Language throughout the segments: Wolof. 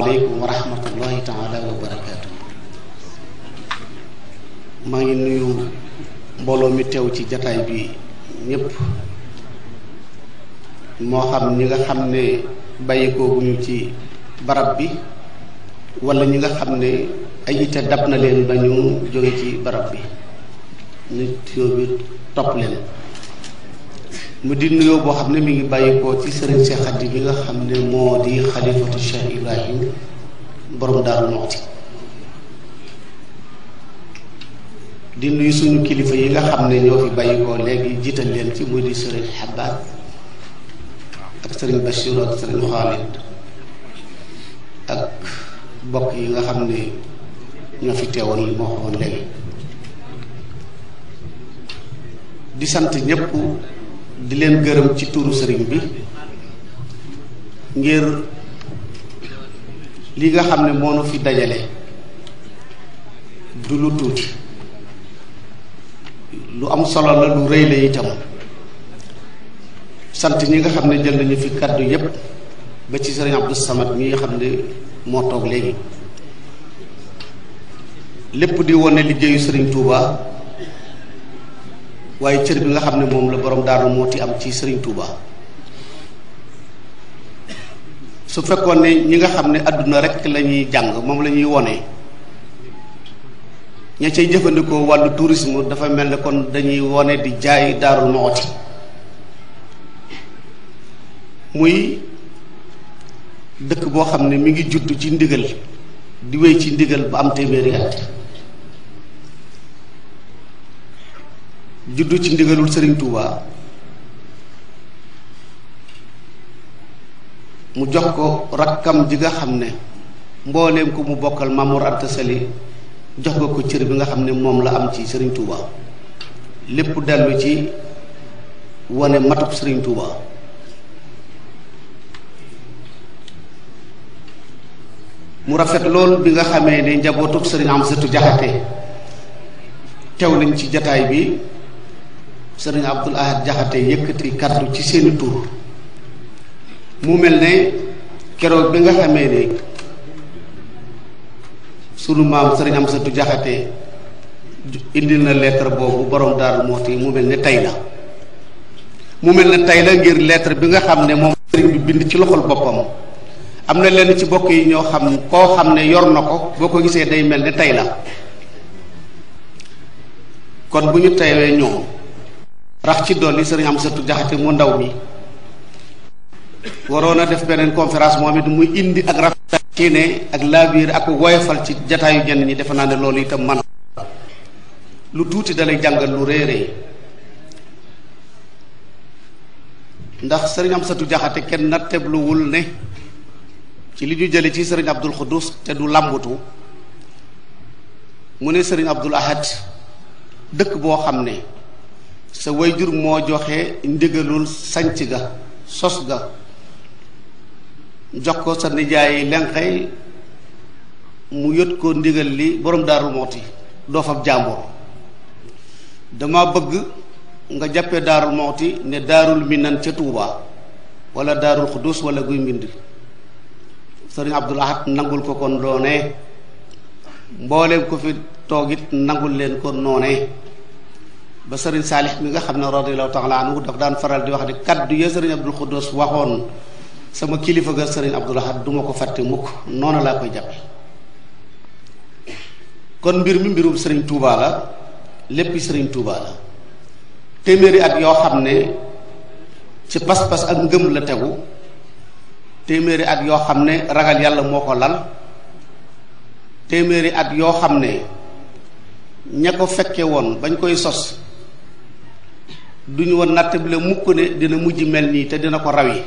aleykum wa rahmatullahi taala wa barakaatu maa ngi nuyu mbooloo mi teew ci jataay bi ñépp moo xam ñi nga xam ne bàyyikooguñu ci barab bi wala ñi nga xam ne ay ite dab na leen ba ñu ci barab bi nit yooyu topp leen mu di nuyoo boo xam ne mi ngi bàyyikoo ci sëriñ Cheikh Khady bi nga xam ne moo di xalifatu Cheikh Ibrahim borom Daaru Muxti di nuyu suñu kilifa yi nga xam ne ñoo fi bàyyikoo léegi jiital leen ci muy di sëriñ Xabaat ak sëriñ Bachir ak sëriñ Xaalid ak bokk yi nga xam ne ñoo fi teewoon li ma waxoon di sant ñëpp di leen gërëm ci tuuru sëriñ bi ngir li nga xam ne moo fi dajale du lu tuuti lu am solo la lu rëy la itam sant ñi nga xam ne jël nañu fi kàddu yépp ba ci sëriñ Abdou Samad mi nga xam ne moo toog léegi lépp di wone liggéeyu sëriñ tuuba waaye cër bi nga xam ne moom la borom daaru moo ti am ci Serigne Touba su fekkoon ne ñi nga xam ne àdduna rek lañuy jàng moom lañuy ñuy wone ña cay jëfandikoo wàll tourisme dafa mel ne kon dañuy wone di jaay daarul mooti muy dëkk boo xam ne mi ngi judd ci ndigal di wéy ci ndigal ba am téeméeri at juddu ci ndigalul sëriñ Touba mu jox ko rakkam ji nga xam ne mbooleem ko mu bokkal Mamour Anta jox ko ko cër bi nga xam ne moom la am ci sëriñ Touba lépp dellu ci wane matuk Serigne Touba mu rafet lool bi nga xamee ne njabootuk Serigne Amsatou Diakhaté teew nañ ci jataay bi serigne abdul ahad jahate yëkkati kaddu ci seen tour mu melne ne bi nga xamé ne sunu mam serigne am satu jahate indil na lettre bobu borom dar moti mu melne ne la mu melne ne la ngir lettre bi nga xamné mom serigne bi bind ci loxol bopam amna ci bokk yi ñoo xam ko yor nako boko boo gisee day mel tay la kon buñu ñu ñoo rax ci doli serigne am sëtu jaxati mo ndaw mi warona def benen conférence momit muy indi ak rafet ci ne ak laabiir ak woyofal ci jataayu jenn ñi ne itam man lu tuti dalay jangal lu rere. ndax serigne am ken natteb lu wul ne ci li ñu jele ci serigne abdul khodous te du lambatu mu ne abdul ahad dëkk bo xamne sa wayjur moo joxe ndigalul sanc ga sos ga jox ko sa nijaay lenqey mu yot ko ndigal li borom daaru mooti doo fab jàmbur dama bëgg nga jàppee daarul mooti ne daarul minan ca Touba wala daarul xudus wala guy mbind sëriñ Abdul Ahad nangul ko kon doonee mbooleem ko fi toogit nangul leen ko noonee ba sëriñ saalix bi nga xam ne radiallahu taala anhu daf daan faral di wax ne kaddu ya sëriñ abdul xuddos waxoon sama kilifa ga sëriñ abdul ahad duma ko fàtte mukk noonu laa koy jàppe kon mbir mi mbirum sëriñ tuubaa la lépp sëriñ tuubaa la téeméeri at yoo xam ne ci pas-pas ak ngëm la tegu téeméeri at yoo xam ne ragal yàlla moo ko lal téeméeri at yoo xam ne ña ko fekke woon bañ koy sos duñu woon nattable mukk ne dina mujj mel nii te dina ko raw yi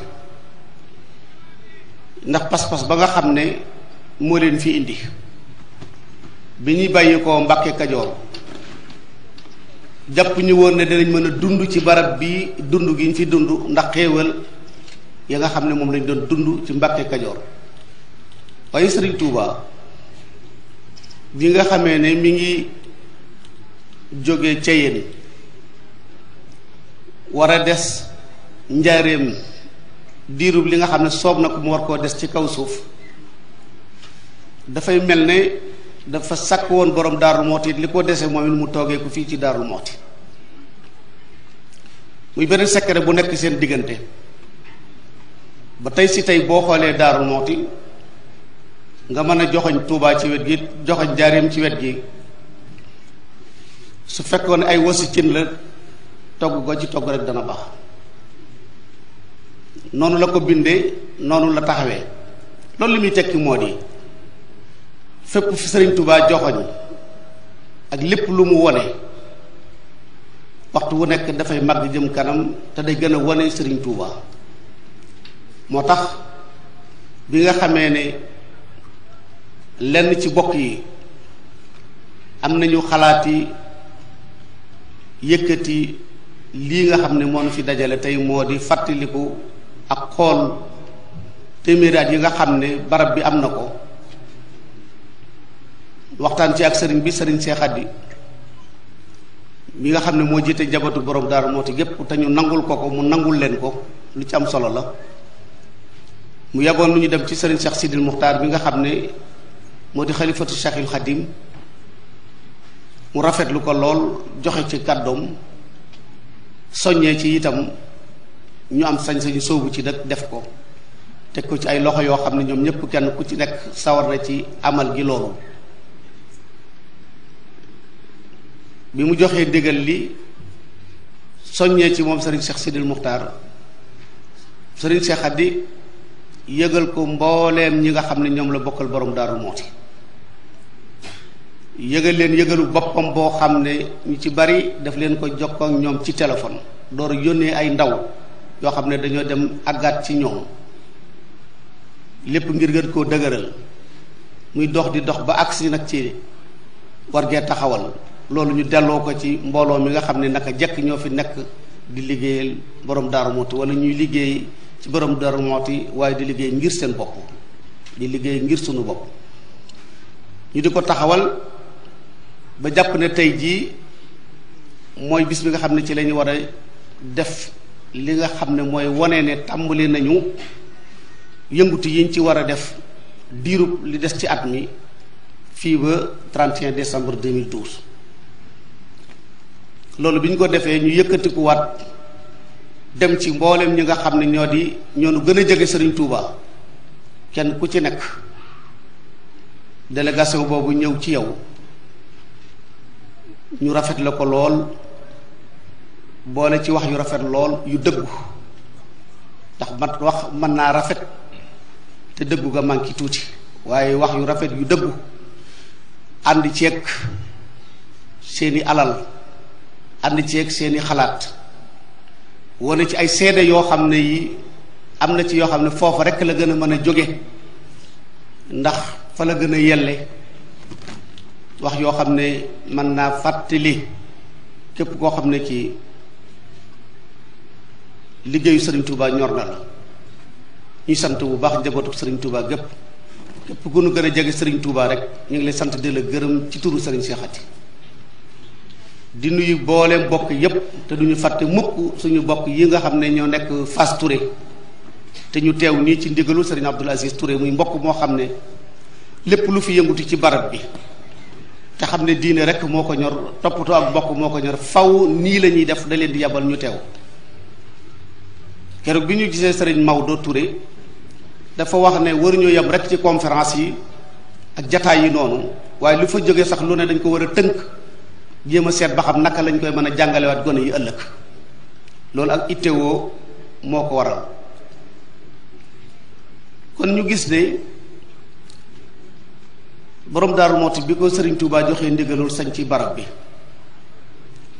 ndax pas-pas ba nga xam ne moo leen fi indi bi ñuy bàyyi ko Mbàkke Kajoor jàpp ñu woon ne dinañ mën a dund ci barab bi dund gi ñu fi dund ndax xéewal ya nga xam ne moom lañ doon dund ci Mbàkke Kajoor waaye Sëriñ Tuuba bi nga xamee ne mi ngi jóge Ceyeen war a des njaareem diirub li nga xam ne soob na ko mu war koo des ci kaw suuf dafay mel ne dafa sàkk woon borom daarul mooti li ko dese moom it mu toogee ko fii ci daarul mooti muy beneen secret bu nekk seen diggante ba tey si tey boo xoolee daarul mooti nga mën a joxoñ tuubaa ci wet gi joxoñ njaareem ci wet gi su fekkoon ay wasi cin la togg ko ci togg rek dana baax noonu la ko bindee noonu la taxawee loolu li muy tekki moo di fépp fi sëriñ tubaa joxoñ ak lépp lu mu wone waxtu wu nekk dafay màgg jëm kanam te day gën a wone sëriñ tuubaa moo tax bi nga xamee ne lenn ci bokk yi am nañu xalaati yëkkati lii nga xam ne moom nu fi dajale tey moo di fàttaliku ak xool téeméeraat yi nga xam ne barab bi am na ko waxtaan ci ak sëriñ bi sëriñ Cheikh Khady mi nga xam ne moo jiite njabootu borom Darou Mouhty gépp te ñu nangul ko ko mu nangul leen ko lu ci am solo la mu yàggoon lu ñu dem ci sëriñ Cheikh Sidil Muxtaar bi nga xam ne moo di xalifatu Cheikhul Khadim mu rafetlu ko lool joxe ci kàddoom soññee ci itam ñu am sañ-sañu sóobu ci nag def ko teg ko ci ay loxo yoo xam ne ñoom ñëpp kenn ku ci nekk sawar na ci amal gi loolu bi mu joxee déggal li soññee ci moom sëriñ Cheikh Sidil Muxtaar sëriñ Cheikh Addi yëgal ko mbooleem ñi nga xam ne ñoom la bokkal borom Daaru Muxti yëgal leen yëgalu boppam boo xam ne ñu ci bari daf leen ko jokkoo ak ñoom ci téléphone door yónnee ay ndaw yoo xam ne dañoo dem àggaat ci ñoom lépp ngir gën koo dëgëral muy dox di dox ba agsi nag ci war gee taxawal loolu ñu delloo ko ci mbooloo mi nga xam ne naka jekk ñoo fi nekk di liggéeyal boroom Daaru Muxti wala ñuy liggéey ci borom Daaru Muxti waaye di liggéey ngir seen bopp di liggéey ngir sunu bopp ñu di ko taxawal ba jàpp ne tey jii mooy bis bi nga xam ne ci la ñu war a def li nga xam ne mooy wane ne tàmbali nañu yëngutu yiñ ci war a def diirub li des ci at mi fii ba 31 décembre 2012 loolu bi ñu ko defee ñu yëkkatikuwaat dem ci mbooleem ñi nga xam ne ñoo di ñoonu gën a jege Serigne Touba kenn ku ci nekk délégation boobu ñëw ci yow. ñu rafet la ko lool boole ci wax yu rafet lool yu dëggu ndax mat wax mën naa rafet te dëggu nga manqué tuuti waaye wax yu rafet yu dëggu ànd ceeg seeni alal ànd ceeg seeni xalaat wane ci ay seede yoo xam ne yi am na ci yoo xam ne foofa rekk la gën a mën a jóge ndax fa la gën a yelle wax yoo xam ne mën naa fàttali képp koo xam ne ci liggéeyu sëriñ Touba ñor na la ñuy sant bu baax njabootu sëriñ Touba gépp képp ku nu gën a jege sëriñ Touba rek ñu ngi lay sant di la gërëm ci turu sëriñ Cheikh di nuyu boole bokk yépp te duñu fàtte mukk suñu bokk yi nga xam ne ñoo nekk fas Touré te ñu teew nii ci ndigalu sëriñ Abdoul Aziz Touré muy mbokk moo xam ne lépp lu fi yënguti ci barab bi te xam ne diine rek moo ko ñor toppatoo ak bokk moo ko ñor faw nii la ñuy def da leen di yabal ñu teew keroog bi ñu gisee sëriñ Maodo Touré dafa wax ne waruñoo yem rek ci conférence yi ak jataay yi noonu waaye lu fa jógee sax lu ne dañ ko war a tënk jéem a seet ba xam naka lañ koy mën a jàngalewaat gone yi ëllëg loolu ak ittewoo moo ko waral kon ñu gis ne boroom daaru mooti bi ko sëriñ Touba joxe ndigalul sañ ci barab bi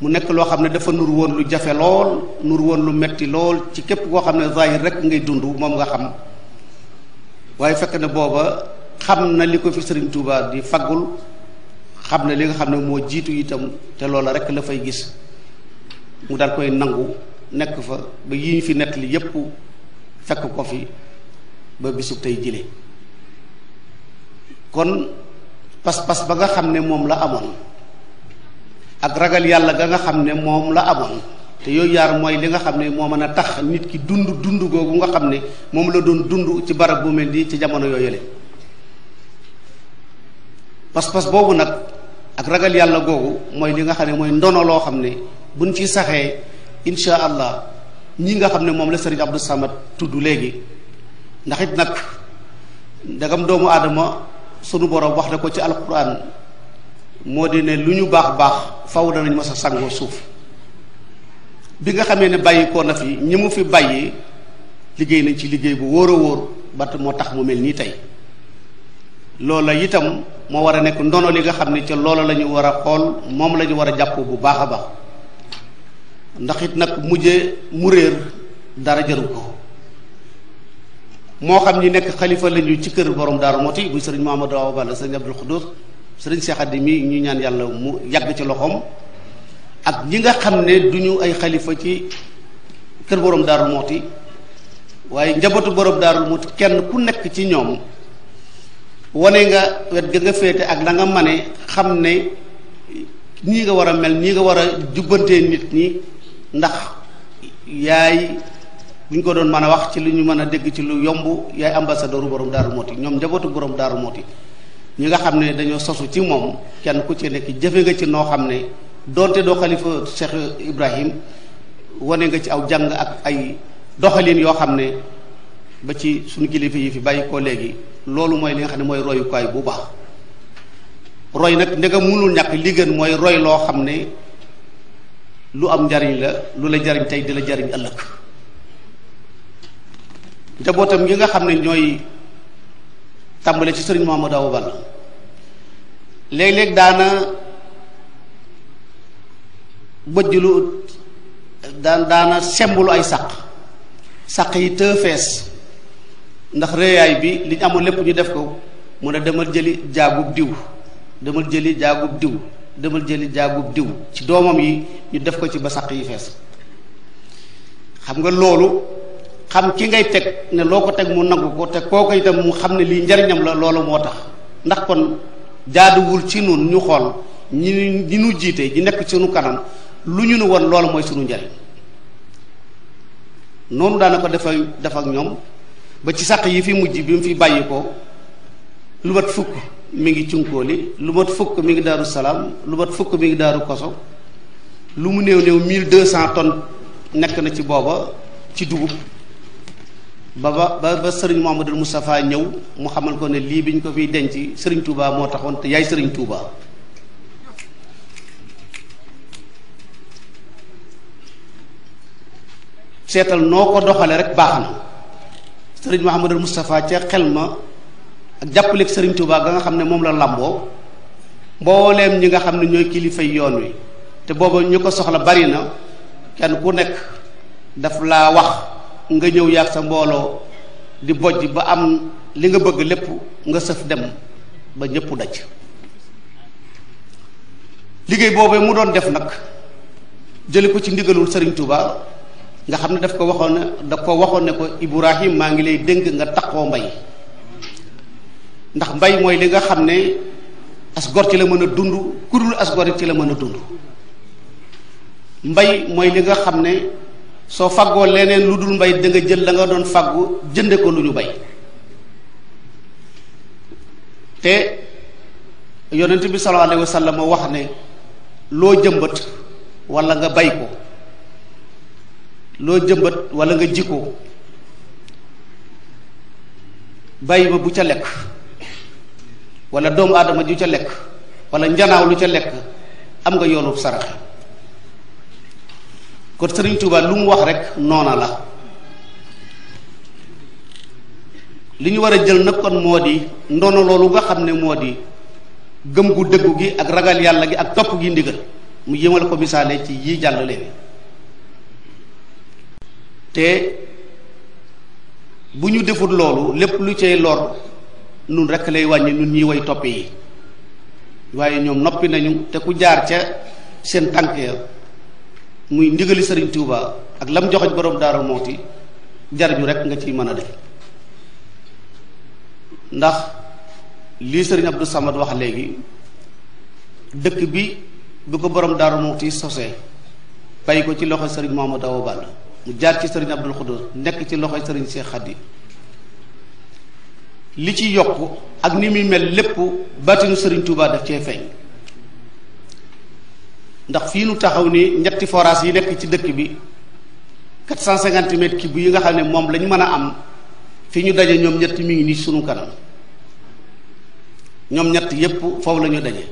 mu nekk loo xam ne dafa nur woon lu jafe lool nur woon lu metti lool ci képp koo xam ne zahir rek ngay dund moom nga xam waaye fekk ne booba xam na li ko fi sëriñ Touba di faggul xam ne li nga xam ne moo jiitu itam te loola rek la fay gis mu daal koy nangu nekk fa ba yi fi nett li yépp fekk ko fi ba bisub tey jile kon pas-pas ba nga xam ne moom la amoon ak ragal yàlla ga nga xam ne moom la amoon te yooyu yaar mooy li nga xam ne moo mën a tax nit ki dund dund googu nga xam ne moom la doon dund ci barab bu mel nii ci jamono yooyu le pas-pas boobu nag ak ragal yàlla googu mooy li nga xam ne mooy ndono loo xam ne buñ ci saxee insha allah ñi nga xam ne moom la sëriñ Abdou Samad tudd léegi ndax nag ndegam doomu aadama sunu borom wax na ko ci alquran moo di ne lu ñu baax baax faw danañ mas a sangoo suuf bi nga xamee ne bàyyi ko na fi ñi mu fi bàyyi liggéey nañ ci liggéey bu wóor a wóor ba moo tax mu mel nii tey loolo itam moo war a nekk ndono li nga xam ne ci loolo la war a xool moom lañu war a jàpp bu baax a baax ndax it nag mujje mu réer dara jaru ko moo xam ñi nekk xalifa lañu ci kër borom Daaru Moti muy sëriñ Mouhamadou Awa Balla sëriñ Abdul Xuduus sëriñ Cheikh Addi mi ñu ñaan yàlla mu yàgg ci loxoom ak ñi nga xam ne du ñu ay xalifa ci kër borom Daaru Moti waaye njabootu borom Daaru Moti kenn ku nekk ci ñoom wane nga wet ga nga féete ak la nga mane xam ne nii nga war a mel nii nga war a jubbante nit ñi ndax yaay bu ñu ko doon mën a wax ci lu ñu mën a dégg ci lu yomb yaay ambassadeur borom daaru mooti ñoom njabootu borom daaru mooti ñi nga xam ne dañoo sosu ci moom kenn ku ci nekk jëfe nga ci noo xam ne doonte doo xalifa Cheikh Ibrahim wane nga ci aw jàng ak ay doxalin yoo xam ne ba ci suñu kilifa yi fi bàyyi ko léegi loolu mooy li nga xam ne mooy royukaay bu baax roy nag ndega mënul ñàkk li gën mooy roy loo xam ne lu am njariñ la lu la jariñ tey di la jariñ ëllëg njabootam gi nga xam ne ñooy tàmbale ci sëriñ Mamadou Awa Balla léeg-léeg daana bëjjlu daan daana sembulu ay sàq sàq yi te fees ndax réyaay bi li ñu amoon lépp ñu def ko mu ne demal jëli jaagub diw demal jëli jaagub diw demal jëli jaagub diw ci doomam yi ñu def ko ci ba sàq yi fees xam nga loolu xam ki ngay teg ne loo ko teg mu nangu ko te koo ko itam mu xam ne lii njariñam la loolu moo tax ndax kon jaaduwul ci noonu ñu xool ñi ñi jiite ñi nekk ci suñu kanam lu ñu nu woon loolu mooy suñu njariñ noonu daana ko dafa def ak ñoom ba ci sàq yi fi mujj bi mu fi bàyyi ko lu mat fukk mi ngi cunkóoli lu mat fukk mi ngi daaru salaam lu mat fukk mi ngi daaru koso lu mu néew néew mille deux cent tonnes nekk na ci booba ci dugub ba ba ba sëriñ Mouhamadul Moustapha ñëw mu xamal ko ne lii biñ ko fiy denc sëriñ Touba moo taxoon te yaay sëriñ Touba. seetal noo ko doxale rek baax na sëriñ Mouhamadul Moustapha ca xel ma ak jàppaleeg sëriñ Touba ga nga xam ne moom la làmboo mbooleem ñi nga xam ne ñooy kilifay yoon wi te booba ñu ko soxla bari na kenn ku nekk daf laa wax. nga ñëw yaag sa mbooloo di bojj ba am li nga bëgg lépp nga sëf dem ba ñëpp daj liggéey boobu mu doon def nag jëli ko ci ndigalul Serigne Touba nga xam ne daf ko waxoon ne da ko waxoon ne ko Ibrahim maa ngi lay dénk nga taxoo mbay ndax mbay mooy li nga xam ne as ci la mën a dund ku dul as ci la mën a dund mbay mooy li nga xam ne soo faggoo leneen lu dul mbay danga jël la nga doon faggu jënde ko lu ñu bay te yonent bi sallallahu alayhi wa sallam wax ne loo jëmbat walla nga bay ko loo jëmbat wala nga ji ko bu ca lekk wala doomu aadama ju ca lekk wala njanaaw lu ca lekk am nga yoonub sarax kon sëriñ Touba lu mu wax rek noona la li ñu war a jël nag kon moo di ndono loolu nga xam ne moo di gëm gu dëggu gi ak ragal yàlla gi ak topp gi ndigal mu yéemal ko misaale ci yii jàll leen te bu ñu defut loolu lépp lu cay lor nun rekk lay wàññi nun ñi way topp yi waaye ñoom noppi nañu te ku jaar ca seen tànk ya muy ndigali sëriñ Touba ak lam joxoñ borom daaru mooti jarju rek nga ci mën a def ndax lii sëriñ Abdou Samad wax léegi dëkk bi bu ko borom daaru mooti sosee bàyyi ko ci loxo sëriñ Mamadou Awa Balla mu jaar ci sëriñ Abdul Xudus nekk ci loxo sëriñ seexat Khady li ci yokk ak ni muy mel lépp baatinu sëriñ Touba daf cee feeñ ndax fii nu taxaw ni ñetti forage yi nekk ci dëkk bi 450 mètres cube yi nga xam ne moom lañ mën a am fi ñu daje ñoom ñett mi ngi nii sunu kanam ñoom ñett yépp foofu lañu ñu daje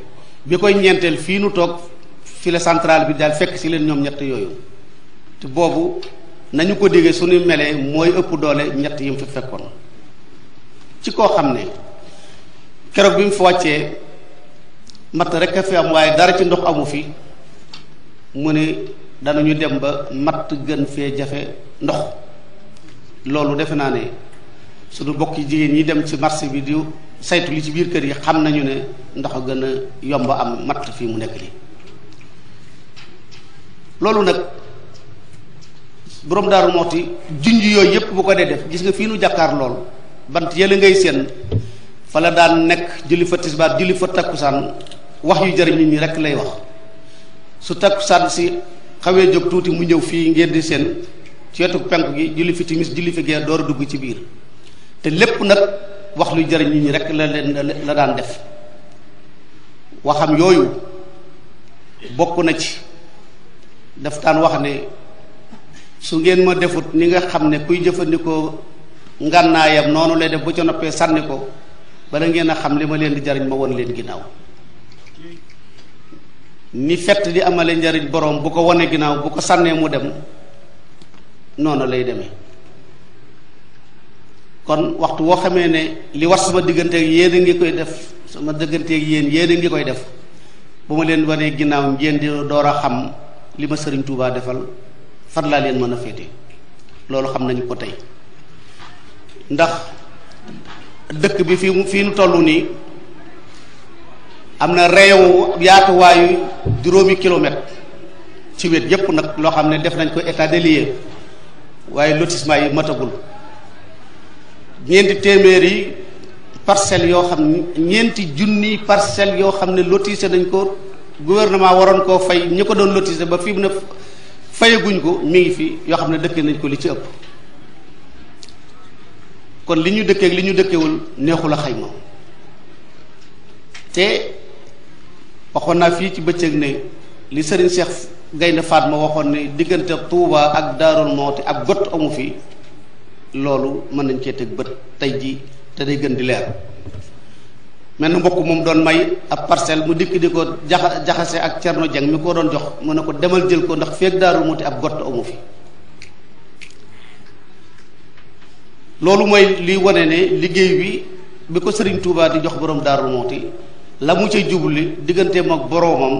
bi koy ñeenteel fii nu toog file centrale bi daal fekk si leen ñoom ñett yooyu te boobu nañu ko déggee suñu melee mooy ëpp doole ñett yi mu fi fekkoon ci koo xam ne keroog bi mu fi wàccee matt rek a fi am waaye dara ci ndox amu fi mu ne dana ñu dem ba matt gën fee jafe ndox loolu defe naa ne suñu bokki jigéen ñi dem ci marché bi di saytu li ci biir kër yi xam nañu ne ndox a gën a yomb am matt fii mu nekk li loolu nag borom daaru moxti junj yooyu yëpp bu ko dee def gis nga fii nu jàkkaar lool bant yële ngay séen fa la daan nekk julli fa tisbaar julli fa takkusaan wax yu jëriñ nit ñi rek lay wax su takkusaan si xawee jóg tuuti mu ñëw fii ngeen di seen ci wetu gi julli fi timis julli gee door a dugg ci biir te lépp nag wax luy jëriñ nit ñi rek la leen la daan def waxam yooyu bokk na ci daf daan wax ne su ngeen ma defut ni nga xam ne kuy jëfandikoo ngànnaayam noonu lay def ba ca noppee sànni ko bala ngeen a xam li ma leen di jariñ ma won leen ginnaaw ni fett di amale njariñ boroom bu ko wane ginnaaw bu ko sànnee mu dem noonu lay demee kon waxtu woo xamee ne li war suma digganteeg yéen ngi koy def sama digganteeg yéen yéen ngi koy def bu ma leen wanee ginnaaw ngeen di door a xam li ma sëriñ Tuubaa defal fan laa leen mën a féete loolu xam nañu ko tey ndax dëkk bi fi fii nu toll nii am na rayon yaatuwaayu juróomi kilomètre ci wet yépp nag loo xam ne def nañ ko état des lieux waaye lotissement yi matagul ñeenti téeméer yi parcelles yoo xam ne ñeenti junni parcelles yoo xam ne lotissé nañ ko gouvernement waroon koo fay ñi ko doon lotissé ba fi mu ne fayaguñ ko mi ngi fi yoo xam ne dëkkee nañ ko li ci ëpp kon li ñu dëkkee li ñu dëkkewul neexul a xayma waxoon naa fii ci bëccëg ne li Serigne Cheikh Gaynde Fatma waxoon ne diggante Touba ak Darou Moukhty ab gott amu fi loolu mën nañ cee teg tey ji te gën di leer mel na mbokk moom doon may ab parcelle mu dikk di ko jaxase ak Thierno Dieng mi ko doon jox mu ne ko demal jël ko ndax feeg Darou Moukhty ab gott amu fi loolu mooy liy wane ne liggéey bi bi ko sëriñ Touba di jox borom Darou Moukhty la mu ca jubli digganteem ak boroomam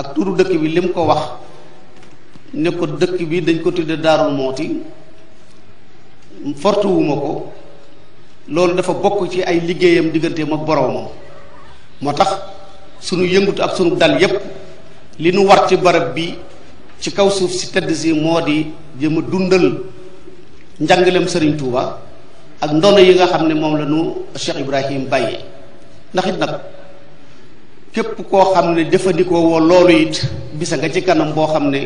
ak turu dëkk bi lim ko wax ne ko dëkk bi dañ ko tudde daarul mooti fortuwuma ko loolu dafa bokk ci ay liggéeyam digganteem ak boroomam moo tax sunu yëngutu ak sunu dal yépp li nu war ci barab bi ci kaw suuf si tedd si moo di jëm a dundal njàngaleem Serigne Touba ak ndono yi nga xam ne moom la nu Cheikh Ibrahim bàyyee ndax nag képp koo xam ne jëfandikoo woo loolu it bisa nga ci kanam boo xam ne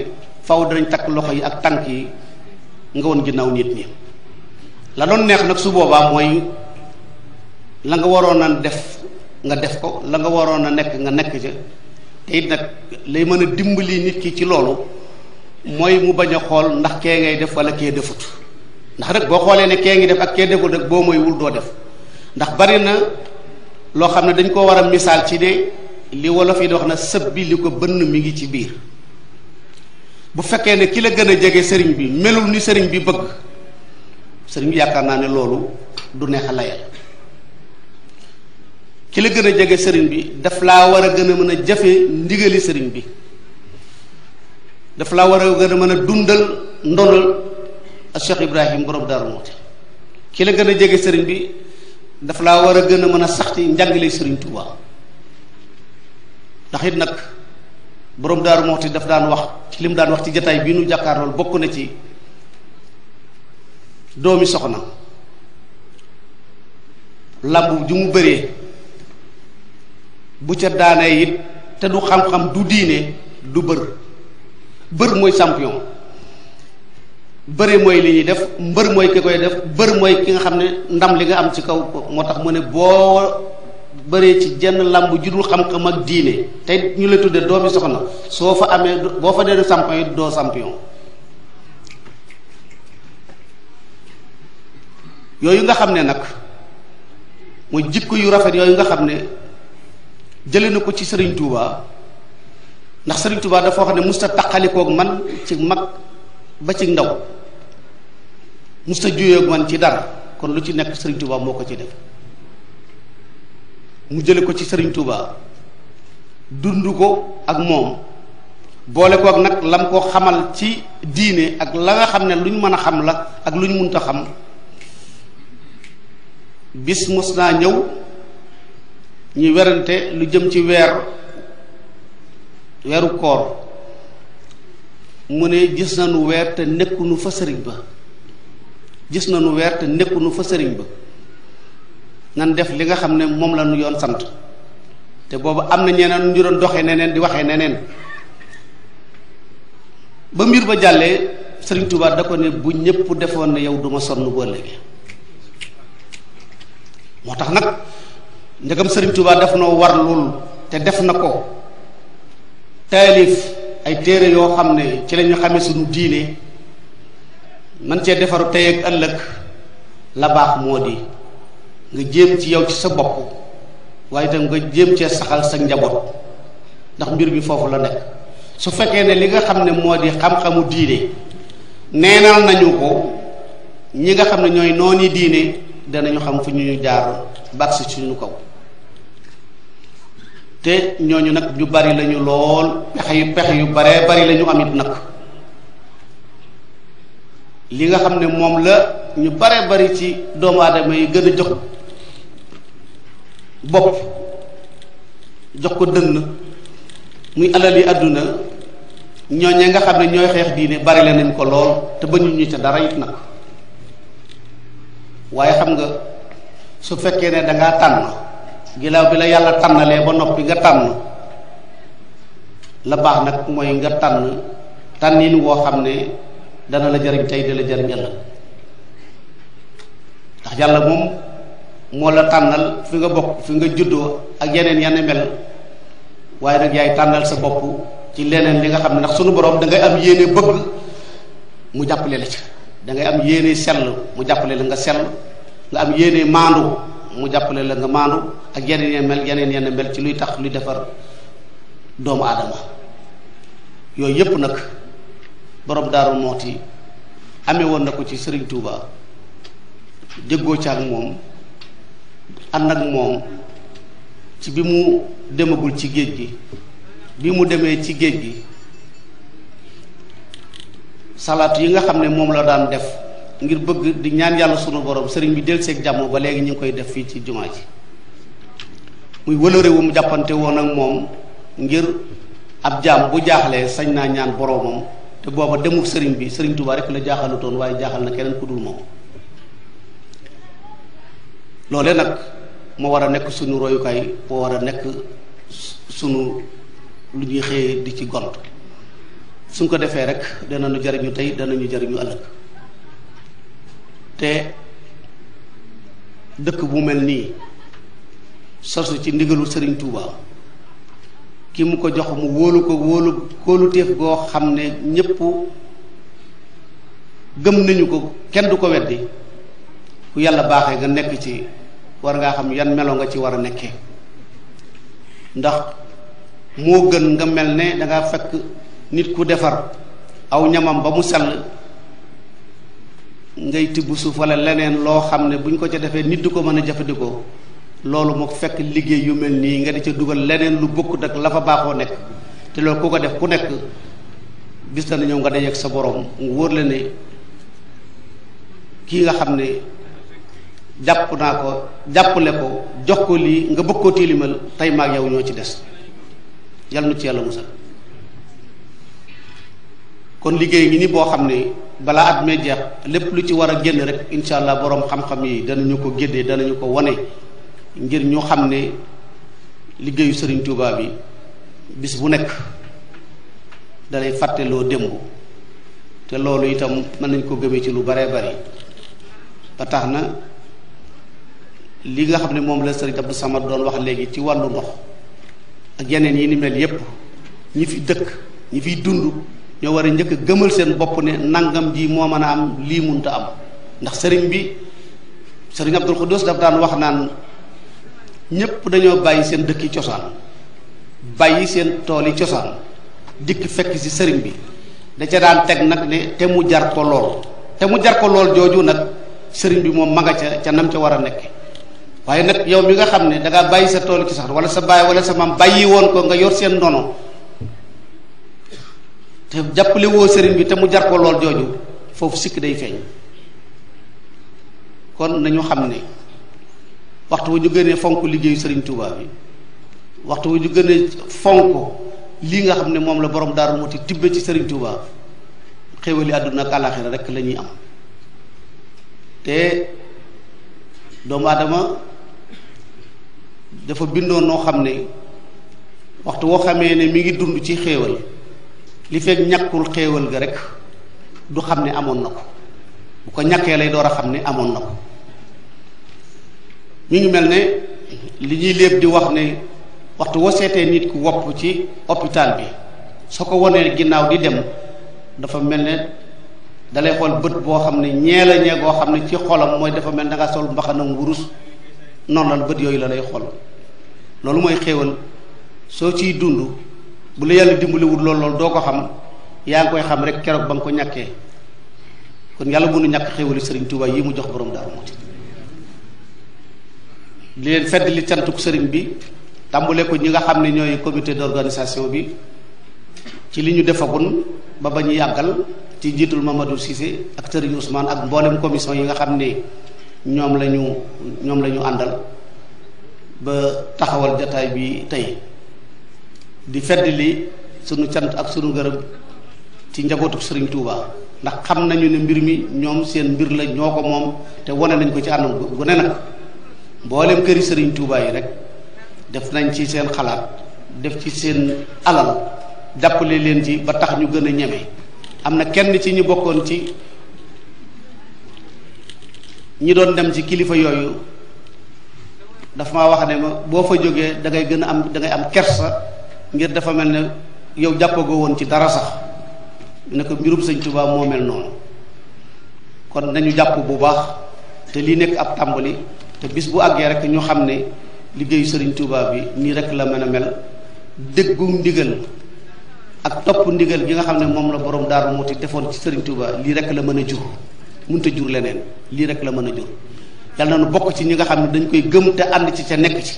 faw danañ takk loxo yi ak tànk yi nga woon ginnaaw nit ñi la doon neex nag su boobaa mooy la nga waroon a def nga def ko la nga waroon a nekk nga nekk ca te it nag lay mën a dimbali nit ki ci loolu mooy mu bañ a ndax kee ngay def wala kee defut ndax rek boo xoolee ne kee ngi def ak kee defut rek boo mooy wul doo def ndax bari na loo xam ne dañ koo war a ci de li wolof yi di wax na sëb bi li ko bënn mi ngi ci biir bu fekkee ne ki la gën a jege sëriñ bi melul ni sëriñ bi bëgg sëriñ bi yaakaar naa ne loolu du neex a layal ki la gën a jege sëriñ bi daf laa war a gën a mën a jafe ndigali sëriñ bi daf laa war a gën a mën a dundal ndonal ak Cheikh Ibrahim borom Daaru Muxti ki la gën a jege sëriñ bi daf laa war a gën a mën a sax ci njàngale sëriñ Tuubaa ndax it nag boroom daa moo moxti daf daan wax ci lim daan wax ci jataay bii nu jàkkaarlool bokk na ci doomi soxna làmb ju mu bëree bu ca daanee it te du xam-xam du diine du bër bër mooy champion bëre mooy li ñuy def mbër mooy ki koy def bër mooy ki nga xam ne ndam li nga am ci kaw moo tax mu ne boo bëree ci jenn làmb judul xam-xam ak diine te ñu la tudde doomi soxna soo fa amee boo fa dee champion yi doo champion yooyu nga xam ne nag mooy jikko yu rafet yooyu nga xam ne jëlee na ko ci Serigne Touba ndax Serigne Touba dafa wax ne musta taqalikoog man ci mag ba ci ndaw musta juyeeg man ci dara kon lu ci nekk Serigne Touba moo ko ci def mu jële ko ci serigne Touba dundu ko ak mom bolé ko ak nak lam ko xamal ci diiné ak la nga xamné luñ xam la ak luñ munta xam bis musna ñew ñi ñu lu jëm ci wér wéru koor mune gis nañu wér te nekkunu fa serigne ba gis nañu wér te nekkunu fa serigne ba nan def li nga xamne mom la nu yoon sant te bobu am na ñeneen ñu doon doxé neneen di waxé neneen ba mbir ba jàllee serigne touba da ko ne bu ñepp defoon ne yow duma sonn bo ëllëgee motax nak ndegam serigne touba daf no war lool te def nako talif ay téré yo xam ci lañu xamé suñu diiné man ci defaru tay ak ëlëk la baax modi nga jëm ci yow ci sa bopp waaye itam nga jéem cee saxal sa njaboot ndax mbir bi foofu la nekk su fekkee ne li nga xam ne moo di xam-xamu diine neenal nañu ko ñi nga xam ne ñooy nooni diine danañu xam fu ñu jaaroon baax te ñooñu nag ñu bari lañu lool yu pexe yu baree bari lañu amit nag li nga xam ne moom la ñu bare bari ci doomu aadama yi gën a jox bopp jox ko dënn muy alal yi àdduna ñooñee nga xam ne ñooy xeex diine bari la nañ ko lool te bañu ñu ca dara it nag waaye xam nga su fekkee ne danga tànn ginnaaw bi la yàlla tànnalee ba noppi nga tànn la baax nag mooy nga tànn tànnin woo xam ne dana la jariñ tey di la jariñ ëllëg ndax yàlla moom moo la tànnal fi nga bokk fi nga juddoo ak yeneen yenn mel waaye nag yaay tànnal sa bopp ci leneen li nga xam ne ndax sunu boroom dangay am yéene bëgg mu jàppale la ci dangay am yéene sell mu jàppale la nga sel nga am yéene maandu mu jàppale la nga maandu ak yeneen yenn mel yeneen yenn mel ci luy tax luy defar doomu aadama yooyu yépp nag borom Daaru Muxti amee woon na ko ci Sëriñ Tuuba déggoo ci ak moom ànd moom ci bi mu demagul ci géej gi bi mu demee ci géej gi salaat yi nga xam ne moom la daan def ngir bëgg di ñaan yàlla sunu borom sëriñ bi del seek jàmm ba léegi ñu ngi koy def fii ci jumaa ji muy wëlëre wu mu jàppante woon ak moom ngir ab jaam bu jaaxalee sañ naa ñaan boroomam te booba demul sëriñ bi sëriñ Tuubaa rek la jaaxalutoon waaye jaaxal na keneen ku dul moom loole nag moo war a nekk sunu royukaay moo war a nekk sunu lu ñuy xëyee di ci gont suñ ko defee rek danañu jariñu tey danañu jariñu ëllëg te dëkk bu mel nii sosu ci ndigalul sëriñ Touba ki mu ko jox mu wóolu ko wóolu kóolu téef goo xam ne ñépp gëm nañu ko kenn du ko weddi ku yàlla baaxee nga nekk ci war nga xam yan melo nga ci wara nekké ndax mo gën nga mel ne da nga fekk nit ku defar aw ñamam ba mu sell ngay tibb suuf wala leneen lo xam buñ ko ci défé nit du ko mëna a jëfandikoo loolu moo fekk liggéey yu mel nii nga di ca dugal leneen lu la fa baaxoo nekk te loolu ku def ku nekk bis dana ñëw nga dajeeg sa borom wóor la ne kii nga xam jàpp naa ko jàppale ko jox ko lii nga bëgg koo tiilimal tey maag ñoo ci des yàlla nu ci yàlla musal kon liggéey ngi ni boo xam ne balaa at mee jeex lépp lu ci war a génn rek incha allah boroom xam-xam yi danañu ko génnee danañu ko wane ngir ñu xam ne liggéeyu sëriñ Tuubaa yi bis bu nekk dalay fàtteloo démb te loolu itam mën nañ ko gëmee ci lu baree bari ba tax na li nga xam ne moom la sëriñ Abdou Samad doon wax léegi ci wàllu ndox ak yeneen yi ni mel yépp ñi fi dëkk ñi fiy dund ñoo war a njëkk a gëmal seen bopp ne nangam ji moo mën a am lii munta am ndax sëriñ bi sëriñ Abdul Xuddus daf daan wax naan ñépp dañoo bàyyi seen dëkki cosaan bàyyi seen tooli cosaan dikk fekk ci sëriñ bi da ca daan teg nag ne te mu jar ko lool te mu jar ko lool jooju nag sëriñ bi moom ma nga ca ca nam ca war a nekk waye nak yow mi nga xamne da nga bayyi sa tool ci sax wala sa baye wala sa mam bayyi won ko nga yor sen nono te jappale wo serigne bi te mu jar ko lol joju fofu sik day feñ kon nañu xamne waxtu wu ñu gënee fonk liggéeyu Touba bi waxtu wu ñu gënee fonk lii nga xamne mom la borom Daaru Muxti tibbe ci serigne Touba xewali aduna ak alakhirah rek lañuy am te doom adama dafa bindoon noo xam ne waxtu woo xamee ne mi ngi dund ci xéewal li fekk ñàkkul xéewal ga rek du xam ne amoon na ko bu ko ñàkkee lay door a xam ne amoon na ko mu ngi mel ne li ñuy léeb di wax ne waxtu woo seetee nit ku wopp ci hôpital bi soo ko wonee ginnaaw di dem dafa mel ne dalay xool bët boo xam ne ñee la ñee goo xam ne ci xolam mooy dafa mel ne danga sol mbaxanam wurus noonu la bët yooyu la lay xool loolu moy xewal so ci dundu bu la yalla dimbali wul lool doo ko xam ya ngi koy xam rek keroog bang ko ñaké kon bu mënu ñak xewal serigne touba yi mu jox borom Daaru di leen fedd li serigne bi tàmbule ko ñi nga xam ne ñooy comité d'organisation bi ci li ñu defagun ba bañ yagal ci jiitul Mamadou Cissé ak serigne Ousmane ak mboolem commission yi nga xam ba taxawal jotaay bi tey di fedd sunu cant ak sunu gërëm ci njabootu serigne Touba ndax xam nañu ne mbir mi ñoom seen mbir la ñoko ko moom te wane nañ ko ci anam gu ne nag mboolem këri serigne Touba yi rek def nañ ci seen xalaat def ci seen alal jàppale leen ci ba tax ñu gën a ñeme am na kenn ci ñu bokkoon ci ñi doon dem ci kilifa yooyu dafa ma wax ne ma boo fa jógee dangay gën a am dangay ngay am kersa ngir dafa mel ne yow jàppagoo woon ci dara sax ne ko mbirum sëñ Tuubaa moo mel noonu kon nañu jàpp bu baax te lii nekk ab tàmbali te bis bu àggee rek ñu xam ne liggéeyu sëriñ tubaab bi nii rek la mën a mel déggu ndigal ak topp ndigal bi nga xam ne moom la borom Daaru Muxti defoon ci sëriñ Tuubaa lii rek la mën a jur mënut a jur leneen lii rek la mën a jur yal na nu bokk ci ñi nga xam ne dañ koy gëm te ànd ci ca nekk ci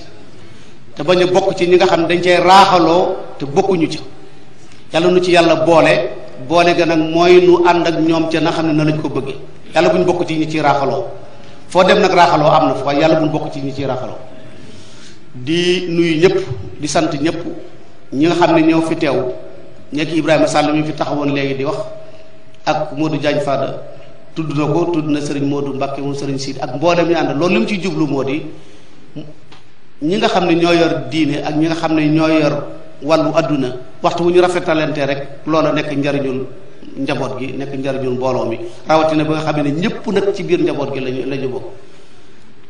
te bañ a bokk ci ñi nga xam ne dañ cay raaxaloo te bokkuñu ci yàlla nu ci yàlla boole boole ga nag mooy nu ànd ak ñoom ca na xam ne na lañ ko bëggee yàlla buñ bokk ci ñi ciy raaxaloo foo dem nag raaxaloo am na fa waaye yàlla buñ bokk ci ñi ciy raaxaloo di nuyu ñëpp di sant ñëpp ñi nga xam ne ñëw fi teew ñekk ibrahim Sall mi fi taxawoon léegi di wax ak Modou Diagne Fada tudd na ko tudd na sëriñ Modou Mbacke mu sëriñ Siid ak mboolem ñu ànd loolu li mu ciy jublu moo di ñi nga xam ne ñoo yor diine ak ñi nga xam ne ñoo yor wàllu àdduna waxtu wu ñu rafetalante rek loola nekk njariñul njaboot gi nekk njariñul mbooloo mi rawatina ba nga xam ne ñëpp nag ci biir njaboot gi lañu la ñu bokk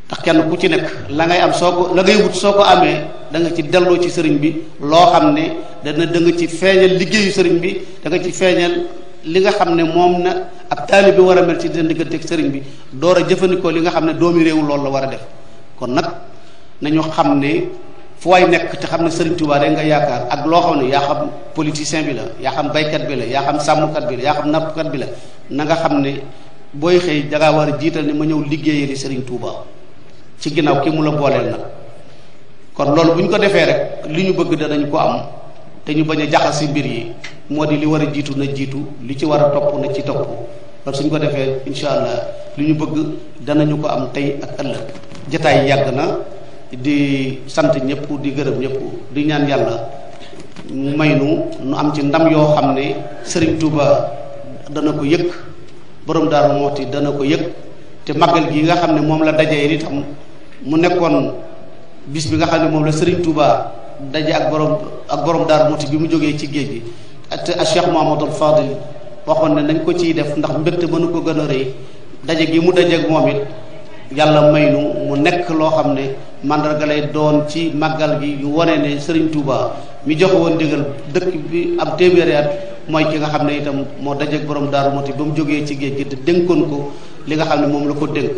ndax kenn ku ci nekk la ngay am soo ko la ngay wut soo ko amee da ci delloo ci sëriñ bi loo xam ne dana danga ci feeñal liggéeyu sëriñ bi da ci feeñal li nga xam ne moom na ab taalibe bi war a mel ci seen diggante ak sëriñ bi door a jëfandikoo li nga xam ne doomi réew loolu la war a def kon nag nañu xam ne fu waay nekk te xam ne sëriñ Tuubaa de nga yaakaar ak loo xam ne yaa xam politicien bi la yaa xam baykat bi la yaa xam sàmmkat bi la yaa xam nappkat bi la na nga xam ne booy xëy dangaa war a jiital ne ma ñëw liggéeyee li sëriñ Tuubaa ci ginnaaw ki mu la booleel nag kon loolu bu ñu ko defee rek li ñu bëgg danañ ko am te ñu bañ a jaxal si mbir yi moo di li war a jiitu na jiitu li ci war a topp na ci topp loolu suñ ko defee insha allah li ñu bëgg danañu ko am tey ak ëllëg jataay yàgg na di sant ñëpp di gërëm ñëpp di ñaan yàlla maynu nu am ci ndam yoo xam ne sëriñ tuuba dana ko yëg borom daaru mooti dana ko yëg te magal gi nga xam ne moom la dajee itam mu nekkoon bis bi nga xam ne moom la sëriñ tuuba daje ak borom ak borom daaru mooti bi mu jógee ci géej ak Cheikh Mouhamadul Fadil waxoon ne nañ ko ciy def ndax mbégte mënu ko gën a rëy daje gi mu dajeeg moom it yàlla may nu mu nekk loo xam ne mandarga lay doon ci màggal gi yu wane ne Serigne Touba mi joxe woon digal dëkk bi am téeméeri at mooy ki nga xam ne itam moo dajeeg borom Daaru Muti ba mu jógee ci géej gi te dénkoon ko li nga xam ne moom la ko dénk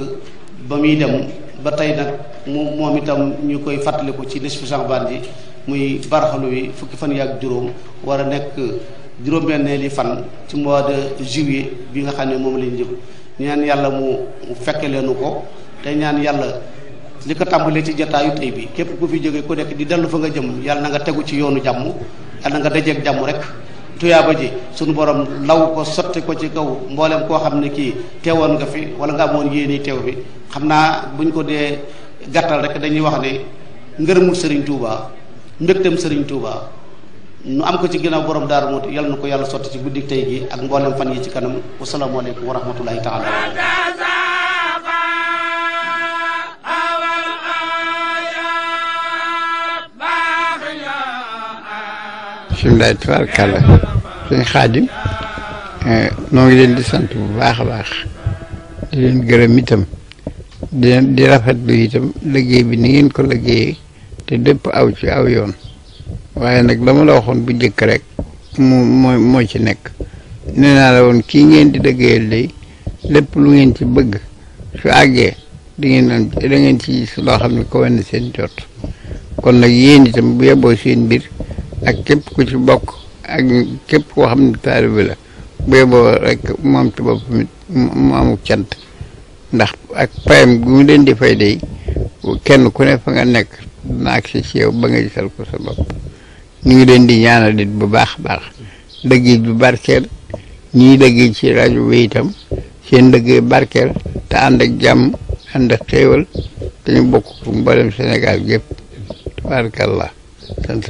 ba muy dem ba tey nag. mu moom itam ñu koy fàttaliku ci nisfu Saxbaan ji muy barxalu yi fukki fan yi ak juróom war a nekk juróom-benneeli fan ci mois de juillet bi nga xam ne moom lañ jëm ñaan yàlla mu fekke leenu ko te ñaan yàlla li ko tàmbalee ci jotaayu tey bi képp ku fi jógee ku nekk di dellu fa nga jëm yàlla na nga tegu ci yoonu jàmm yàlla na nga dajeeg jàmm rek tuyaaba ji suñu boroom law ko sotti ko ci kaw mbooleem koo xam ne kii teewoon nga fi wala nga amoon yéeni teew bi xam naa buñ ko dee gàttal rek dañuy wax ne ngërëmul sëriñ Touba mbégteem sëriñ Touba nu am ko ci ginnaaw borom daar moo yal na ko yàlla sotti ci guddik tey gi ak mboolem fan yi ci kanam wasalaamaaleykum wa rahmatullahi taala bisimilaay tubaarkàlla sëñ xaadim eh, noo leen di sant bu baax a baax di leen gërëm itam di rafet rafetlu itam liggéey bi ni ngeen ko liggéeyee te dépp aw ci aw yoon waaye nag dama la waxoon bu njëkk rek mu moo moo ci nekk nee la woon kii ngeen di liggéeyal day lépp lu ngeen ci bëgg su àggee di ngeen am da ngeen ci gis loo xam ne ko wenn seen jot kon nag yéen itam bu yeboo seen mbir ak képp ku ci bokk ak képp koo xam ne bi la bu yeboo rek moom ci boppam it mu cant ndax ak payam gu leen di fay day kenn ku ne fa nga nekk dina agsi ci yow ba nga gisal ko sa ñu ngi leen di ñaanal nit bu baax a baax dëgg bu barkeel ñii dëgg ci rajo bi itam seen dëgg barkeel te ànd ak jàmm ànd ak xéewal te ñu bokk ko mboolem Sénégal gépp tabaarakallah sant